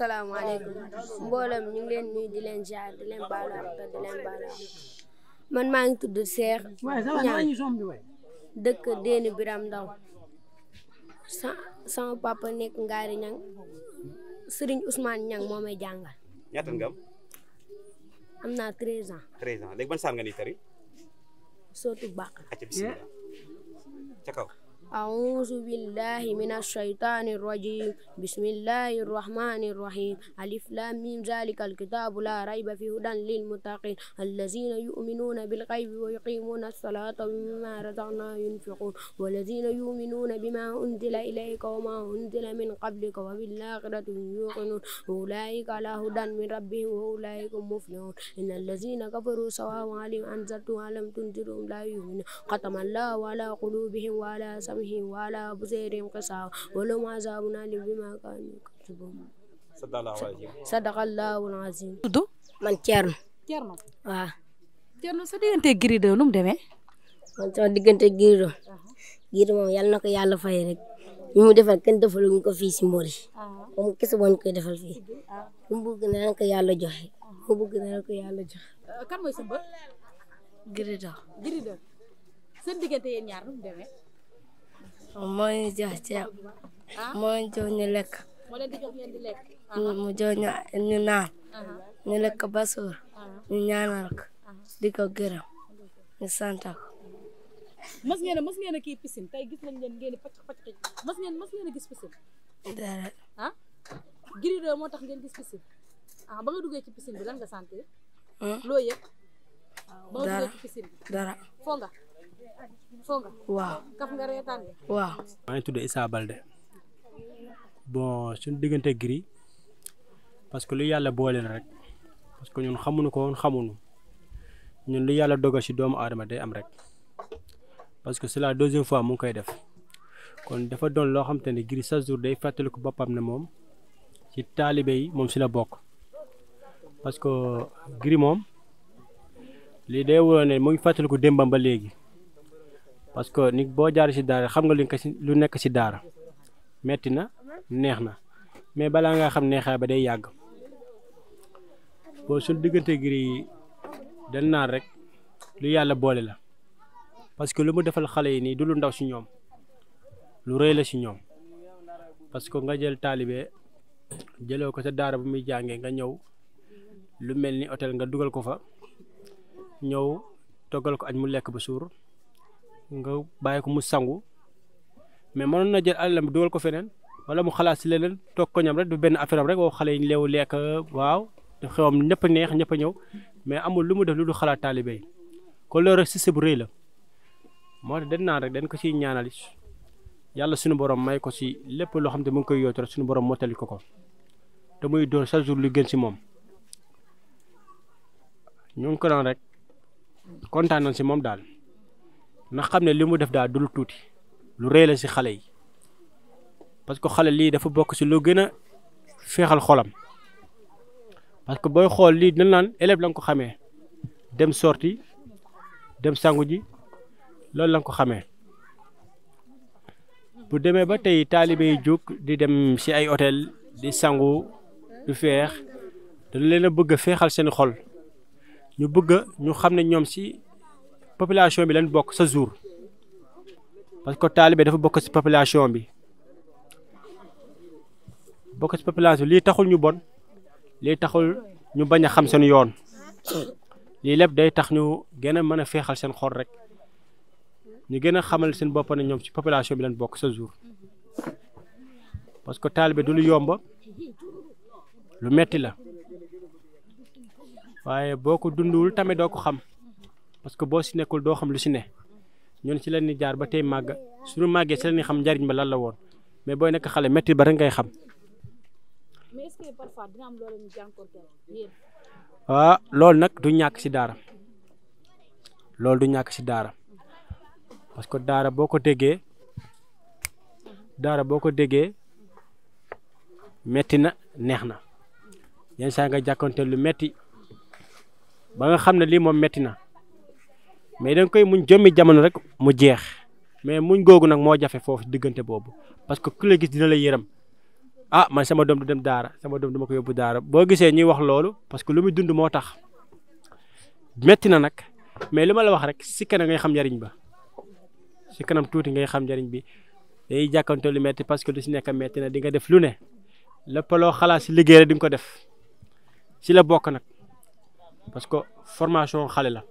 salaamaaleykum mbooloom ñu ngi leen nuyu di leen jaar di leen baalu ak di leen baalu man maa ngi tudd Cheikh dëkk Déni Biram Ndaw sama papa nekk Ngaari Niang Serigne Ousmane Niang moo may jàngal. ñaata nga am. am naa treize ans. treize ans léegi ban saar nga ni tari. sootu bàq. ca kaw. أعوذ بالله من الشيطان الرجيم بسم الله الرحمن الرحيم ألف لام من ذلك الكتاب لا ريب فيه هدى للمتقين الذين يؤمنون بالغيب ويقيمون الصلاة ومما رزقنا ينفقون والذين يؤمنون بما أنزل إليك وما أنزل من قبلك وبالآخرة يوقنون أولئك على هدى من ربهم وأولئك مفلحون إن الذين كفروا سواء عليهم أنذرتم ألم تنذرهم لا يؤمنون ختم الله على قلوبهم وعلى سمعهم بحكمه وعلى أبصارهم قصاوة ولهم عذاب أليم بما كانوا يكذبون صدق الله العظيم tudd man Thierno Thierno waaw Thierno sa diggante Girido nu mu demee man sama diggante Girido Girido moom yàlla na ko yàlla fay rek ñu mu defal kenn defaluñu ko fii si defal fii mu bëgg ne yàlla joxe yàlla joxe moo ñu jox ceeb moo ñu jox ñu lekk mu jox ñu naan ah. ñu lekk ba suur ah. ñu ñaanal ah. di ko gërëm ñu sant ko. mas ngeen a mas ngeen a kii piscine tey gis nañ leen ngeen di pàcc pàcc mas ngeen mas a gis piscine. dara ah. moo tax ngeen gis piscine ah ba nga duggee ci piscine bi lan nga sant. Hmm? loo yëg. dara dara foo nga waaw kaf maa ngi tudd Issa de bon suñu diggante Gris parce que lu yàlla boole na rek parce que ñun xamuñu ko woon xamuñu ñun lu yàlla dogal si doomu aadama day am rek parce que c'est la deuxième fois mu ngi koy def kon dafa doon loo xam te ne Gris chaque jour day fàttaliku boppam ne moom ci taalibe yi moom si la bokk parce que gri moom lii day wóor ne mu ngi fàttali ko ba léegi parce que nit boo jaaree si daara xam nga lu si lu nekk si daara metti na neex na mais balaa nga xam neexaay ba day yàgg boo suñ diggante giri yi dañ naan rek lu yàlla boole la parce que lu mu defal xale yi nii du lu ndaw si ñoom lu rëy la si ñoom parce que nga jël taalibe jëloo ko sa daara bu muy jàngee nga ñëw lu mel ni hôtel nga dugal ko fa ñëw toggal ko añ mu lekk ba suur nga bàyyi ko mu sangu mais mënoon na jël alalam bi dugal ko feneen wala mu xalaat si leneen toog ko ñam rek du benn affaire am rek woo xale yi leew lekk waaw xewam ñëpp neex ñëpp a ñëw mais amul lu mu def lu du xalaat taalibe kon loolu rek si bu rëy la moo tax den naan rek dañ ko ciy ñaanal yàlla suñu borom may ko si lépp loo xam ne mu ngi koy yootu rek suñu borom tali ko ko te muy doon chaque jour lu gën si moom ñu ngi ko naan rek kontaan nañ si moom daal. ndax xam ne li mu def daal dul tuuti lu rëy la si xale yi parce que xale lii dafa bokk si lu gën a feexal xolam parce que booy xool lii dina naan élève la nga ko xamee dem sorti dem sangu ji loolu la ko xamee bu demee ba tey taalibe yi jóg di dem si ay hôtel di sangu du feex dañ leen a bëgg a feexal seen xol ñu bëgg ñu xam ne ñoom si population bi lañ bokk sa jour parce que taalibe dafa bokk ci population bi bokk ci population bi lii taxul ñu bon lii taxul ñu bañ a xam seen yoon lii lépp day tax ñu gën a mën a feexal seen xol rek ñu gën a xamal seen bopp na ñoom ci population bi lañ bokk sa jour parce que taalibe du lu yomb lu metti la waaye boo ko dund wul tamit doo ko xam parce que boo ci nekkul doo xam lu si ne ñun si la ñuy jaar ba tey màgg suñu màggee si la xam njariñ ba lan la woon mais booy nekk xale métti ba rek ngay xam. mais est ah, loolu nag du ñàkk si daara loolu du ñàkk si daara parce que daara boo ko déggee daara boo ko déggee metti na neex na yenn saa nga jànkuwanteel lu metti ba nga xam ne lii moom metti na. mais da koy muñ jommi jamono rek mu jeex mais muñ googu nag moo jafe foofu diggante boobu parce que ku la gis dina la yërëm ah man sama doom du dem daara sama doom dama ko yóbbu daara boo gisee ñuy wax loolu parce que lu muy dund moo tax metti na nag mais li ma la wax rek si kanam ngay xam njariñ ba si kanam tuuti ngay xam njariñ bi day jàkkantoo lu metti parce que lu si nekk metti na dinga def lu ne lépp loo xalaat si liggéey rek di nga ko def si la bokk nag parce que formation xale la.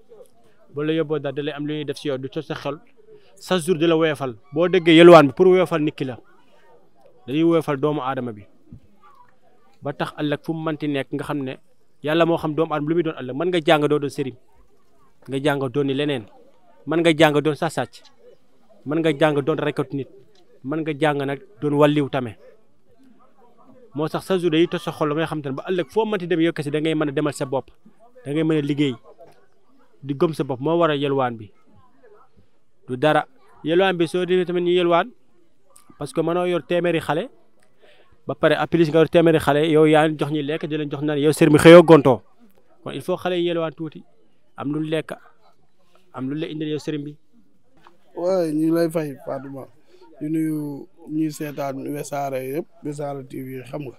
boo la yóbboo daal da am lu ñuy def si yow du toj sa xel sa jour di la woyofal boo déggee yelwaan bi pour woyofal nit ki la dañuy woyofal doomu aadama bi ba tax ëllëg fu mu mënti nekk nga xam ne yàlla moo xam doomu aadama lu muy doon ëllëg man nga jàng doo doon nga jàng doon leneen mën nga jàng doon sa sàcc mën nga jàng doon rekkatu nit mën nga jàng nag doon walliw tame moo sax chaque jour dañuy toj sa xol nga xam te ne ba ëllëg foo mënti dem yow si da ngay mën a demal sa bopp da ngay mën a liggéey. di gëm sa bopp moo war a yelwaan bi du dara yelwaan bi soo defee tamit ñu yelwaan parce que mënoo yor téeméeri xale ba pare appelis nga yor téeméeri xale yow yaa jox ñi lekk di jox naan yow sër mi xëyoo gontoo kon il faut xale yi yelwaan tuuti am lu lekk am lu la indil yow sëriñ bi. waaw ñu ngi lay fay Fatou ñu nuyu ñuy seetaan Wassare yëpp Wassare TV xam nga.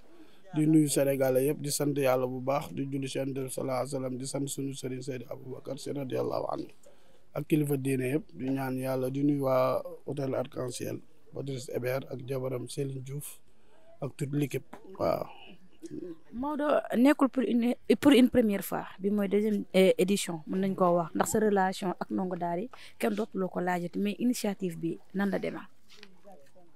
di nuyu sénégalais yëpp di sant yàlla bu baax di julli seen def salaa di sant suñu sëriñ Seydi Aboubacar Sy radiyallahu anhu ak kilifa diine yëpp di ñaan yàlla di nuyu waa hôtel Arc-en-Ciel Patrice ak jabaram Céline Diouf ak toute l'équipe waaw Maodo nekkul pour une pour une première fois bi mooy deuxième eh, édition mën nañ koo wax ndax sa relation ak ndongo daara yi kenn dootu loo ko laajati mais initiative bi nan la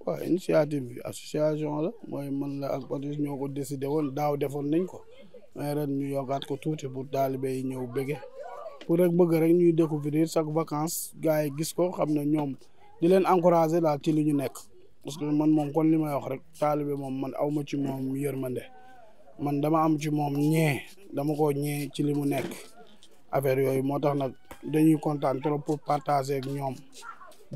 waaw initiative bi association la mooy man la ak Papis ñoo ko décidé woon daaw defoon nañ ko mais ren ñu yokkaat ko tuuti pour taalibe yi ñëw bége pour rek bëgg rek ñuy découvrir chaque vacance gars yi gis ko xam ne ñoom di leen encourager daal ci li ñu nekk parce que man moom kon li may wax rek taalibe moom man aw awma ci moom yërmande man dama am ci moom ñee dama ko ñee ci li mu nekk affaire yooyu moo tax nag dañuy kontaan trop pour partager ak ñoom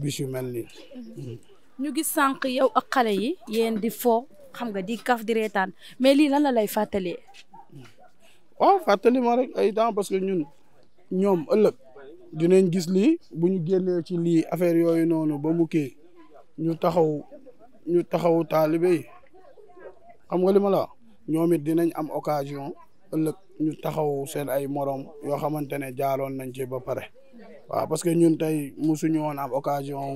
bis yu mel nii mhm. Mhm. ñu gis sànq yow ak xale yi yéen di foo xam nga di kaf di reetaan mais lii lan la lay fàttali. waaw fàttali ma rek ay parce que ñun ñoom ëllëg dinañ gis lii bu ñu génnee ci lii affaire yooyu noonu ba mu ñu taxaw ñu taxaw taalibe yi xam nga li ma la wax ñoom it dinañ am occasion ëllëg ñu taxaw seen ay morom yoo xamante ne jaaroon nañ ci ba pare waaw parce que ñun tey mosuñu woon am occasion.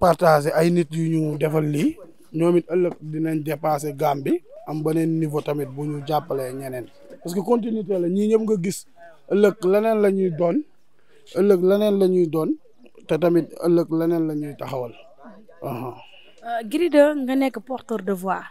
partager ay nit yu ñu defal lii ñoom it ëllëg dinañ dépasser gamme bi am beneen niveau tamit bu ñu jàppalee ñeneen parce que continuité la ñii ñëm nga gis ëllëg leneen la ñuy doon ëllëg leneen la ñuy doon te tamit ëllëg leneen la ñuy taxawal. Euh, Gris nga nekk porteur de voix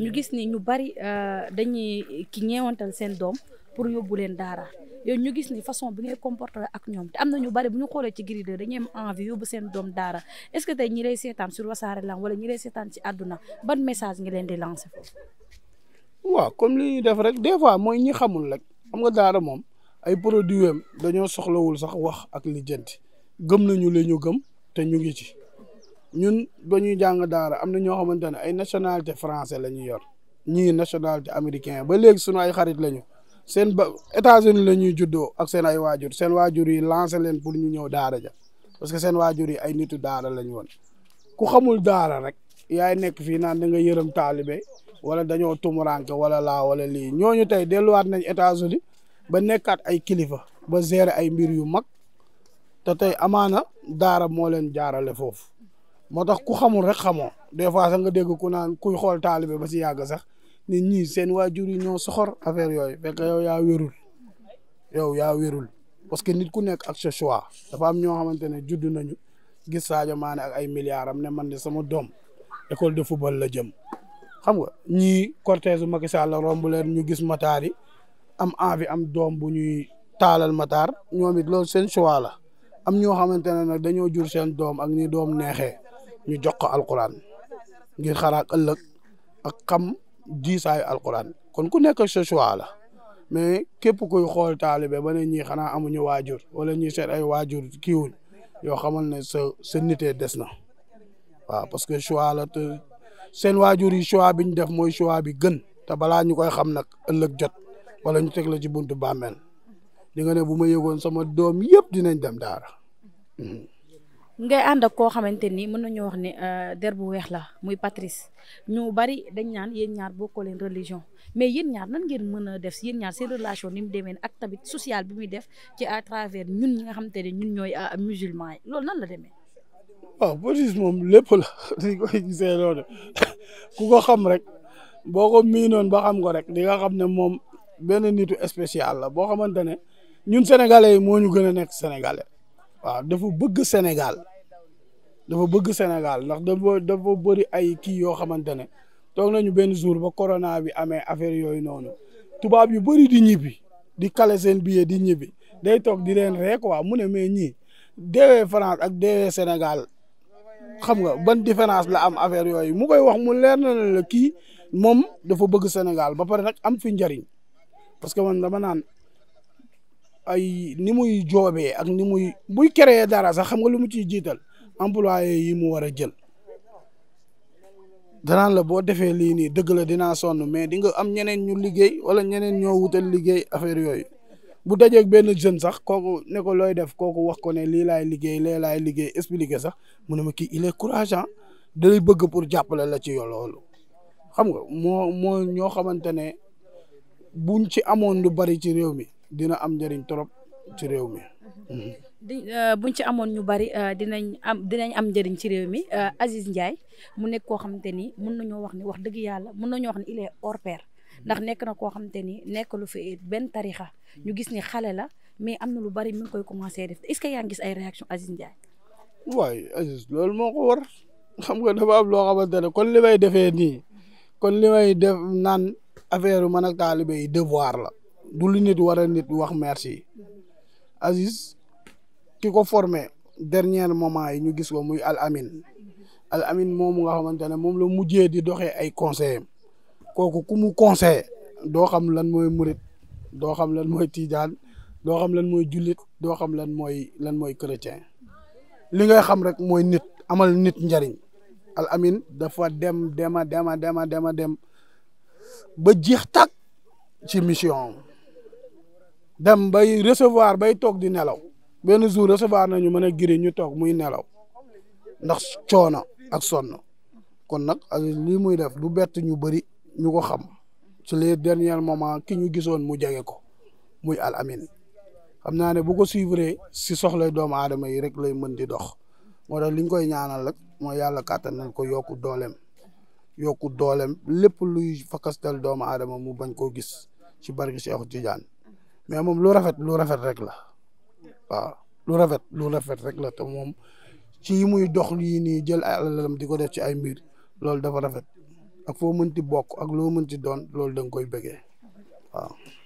ñu gis ni ñu bari euh, dañuy ki ñeewantal seen doom. pour yóbbu leen daara yow ñu gis ni façon bi ngay comporter ak ñoom te am na ñu bari bu ñu xoolee ci Gris 2 dañuy am envie yóbbu seen doom daara est-ce que tey ñi lay seetaan sur Wassare Lamb wala ñi lay seetaan ci àdduna ban message ngi leen di lancer foofu. waaw comme li ñuy def rek des mooy ñi xamul rek xam nga daara moom ay produit am dañoo soxlawul sax wax ak lijjant gëm nañu li ñu gëm te ñu ngi ci ñun ba ñuy jàng daara am na ñoo xamante ne ay nationalité français la ñu yor ñii nationalité américain ba léegi sunu ay xarit lañu seen ba États-Unis la ñuy juddoo ak seen ay waajur seen waajur yi lancé leen pour ñu ñëw daara ja parce que seen waajur yi ay nitu daara lañ woon ku xamul daara rek yaay nekk fii naan da nga yërëm taalibe wala dañoo tumuranke wala laa wala lii ñooñu tey delluwaat nañ États-Unis ba nekkaat ay kilifa ba gérer ay mbir yu mag te tey amaana daara moo leen jaarale foofu moo tax ku xamul rek xamoo des fois sax nga dégg ku naan kuy xool taalibe ba si yàgg sax ni ñii seen waajur yi ñoo soxor affaire yooyu fekk yow yaa wérul yow yaa wérul parce que nit ku nekk ak sa choix dafa am ñoo xamante ne judd nañu gis Sadio Mané ak ay milliards am ne man de sama doom école de football la jëm xam nga ñii cortège Macky Sall la romb ñu gis Matar yi am envie am doom bu ñuy taalal Matar ñoom it loolu seen choix la am ñoo xamante ne nag dañoo jur seen doom ak ni doom neexee ñu jox ko alquran ngir xaraak ëllëg ak xam. diisaayu alquran kon ku nekk ce choix la mais képp kuy xool taalibe ba ne ñii xanaa amuñu waajur wala ñuy seet ay waajur kiiwul yoo xamal ne sa sa nitee des na waaw parce que choix la te seen waajur yi choix bi ñu def mooy choix bi gën te balaa ñu koy xam nag ëllëg jot wala ñu teg la ci buntu bàmmeel di nga ne bu ma yëgoon sama doom yëpp dinañ dem daara hmm. ngay ànd ak koo xamante ni mën nañoo wax ne euh, der bu weex la muy Patrice ñu bari dañ ñaan yéen ñaar bokkoo leen religion mais yéen ñaar nan ngeen mën a def yéen ñaar seen relation ni mu demee ak tamit social bi muy def ci à travers ñun ñi nga xamante ne ñun ñooy euh, a yi loolu nan la demee. waaw Patrice moom lépp la di koy gisee loolu ku ko xam rek boo ko miinoon ba xam ko rek di nga xam ne moom benn nitu spécial la boo xamante ne ñun sénégalais yi moo ñu gën a nekk sénégalais waaw dafa bëgg Sénégal. dafa bëgg Sénégal ndax dafa bëri ay kii yoo xamante ne toog nañu benn jour ba corona bi amee affaire yooyu noonu tubaab yu bëri di ñibbi di kale seen billet di ñibbi day toog di leen ree quoi mu ne mais ñii deewee France ak deewee Sénégal xam nga ban différence la am affaire yooyu mu koy wax mu leer na la kii moom dafa bëgg Sénégal ba pare nag am fi njariñ parce que man dama naan ay ni muy joobee ak ni muy buy créer dara sax xam nga lu mu ciy jiital. employé yi mu war a jël danaan la boo defee lii nii dëgg la dinaa sonn mais di nga am ñeneen ñu liggéey wala ñeneen ñoo wutal liggéey affaire yooyu bu dajeeg benn jeune sax kooku ne ko looy def kooku wax ko ne lii laay liggéey lee laay liggéey expliqué sax mu ne ma kii il est courageant dalay bëgg pour jàppale la ci loolu xam nga moo moo ñoo xamante ne buñ ci amoon lu bari ci réew mi dina am njëriñ trop ci réew mi. di euh, buñ ci amoon ñu bari euh, dinañ am dinañ am njëriñ ci réew mi euh, Aziz Ndiaye mu nekk koo xamante ni mun nañoo wax ni wax dëgg yàlla mun nañoo wax ni il est ndax nekk na koo xamante ni nekk lu fi benn tarixa ñu gis ni xale la mais am na lu bari mi koy commencé def est-ce que yaa ngi ay réaction Aziz Ndiaye. waaye Aziz loolu moo ko war xam nga dafa am loo xamante ne kon li may defee nii kon li may def naan affaire man ak taalibe yi devoir la du lu nit war a nit wax merci Aziz. ki ko formé dernier moment yi ñu gis ko muy Al Amin Al Amin moomu nga xamante ne moom la mujjee di doxee ay conseil kooku ku mu conseil doo xam lan mooy murit doo xam lan mooy tiijaan doo xam lan mooy jullit doo xam lan mooy lan mooy chrétien li ngay xam rek mooy nit amal nit njariñ Al Amin dafa dem dema dema dema dema dem ba jeex tak ci mission dem bay recevoir bay toog di nelaw benn jour recevoir nañu ma ne Gris ñu toog muy nelaw ndax coono ak sonn kon nag Aziz lii muy def du bett ñu bëri ñu ko xam ci les derniers moments ki ñu gisoon mu jege ko muy Al Amine xam naa ne bu ko suivre si soxlay doomu aadama yi rek lay mën di dox moo tax li koy ñaanal rek mooy yàlla kàttanal ko yokku dooleem yokku doolem lépp luy fakastal doomu aadama mu bañ koo gis ci barke Cheikh Tidiane mais moom lu rafet lu rafet rek la. waaw lu rafet lu rafet rek la te moom ci muy dox lii nii jël ay alalam di ko def ci ay mbir loolu dafa rafet ak foo mënti bokk ak loo mënti doon loolu da nga koy bëggee waaw